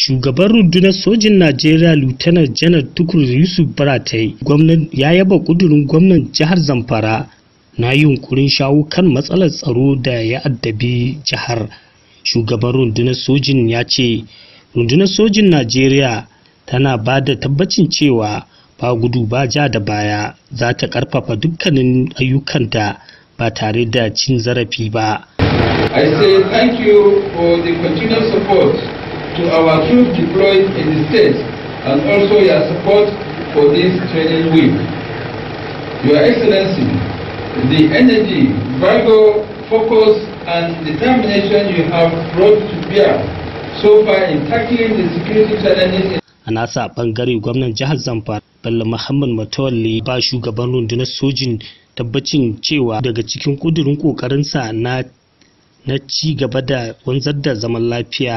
shugaban rundunar sojin najeriya lieutenant janar tukur yusuf baratai ya yaba kudurin gwamnan jihar zamfara na yunkurin shawo kan matsalar tsaro da ya addabi jihar shugaban rundunar sojin ya ce rundunar sojin najeriya tana ba da tabbacin cewa ba gudu ba ja da baya za ta karfafa dukkanin ayyukanta ba tare da cin zarafi ba I say thank you for the continued support to our troops deployed in the state and also your support for this training week. Your Excellency, the energy, vigor, focus, and determination you have brought to bear so far in tackling the security challenges a nasa bangare gwamnan jihar zamfara bello muhammad matawalli ba shugaban rundunar sojin tabbacin cewa daga cikin kudurin kokarinsa na ci gaba da wanzar da zaman lafiya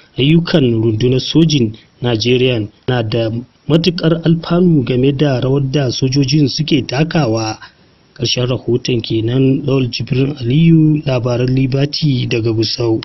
ayyukan rundunar sojin Najeriya na da matukar alfanu game da rawar da sojojin suke takawa. Ƙarshen rahoton kenan Lawal Jibrin Aliyu labaran Libati daga Gusau.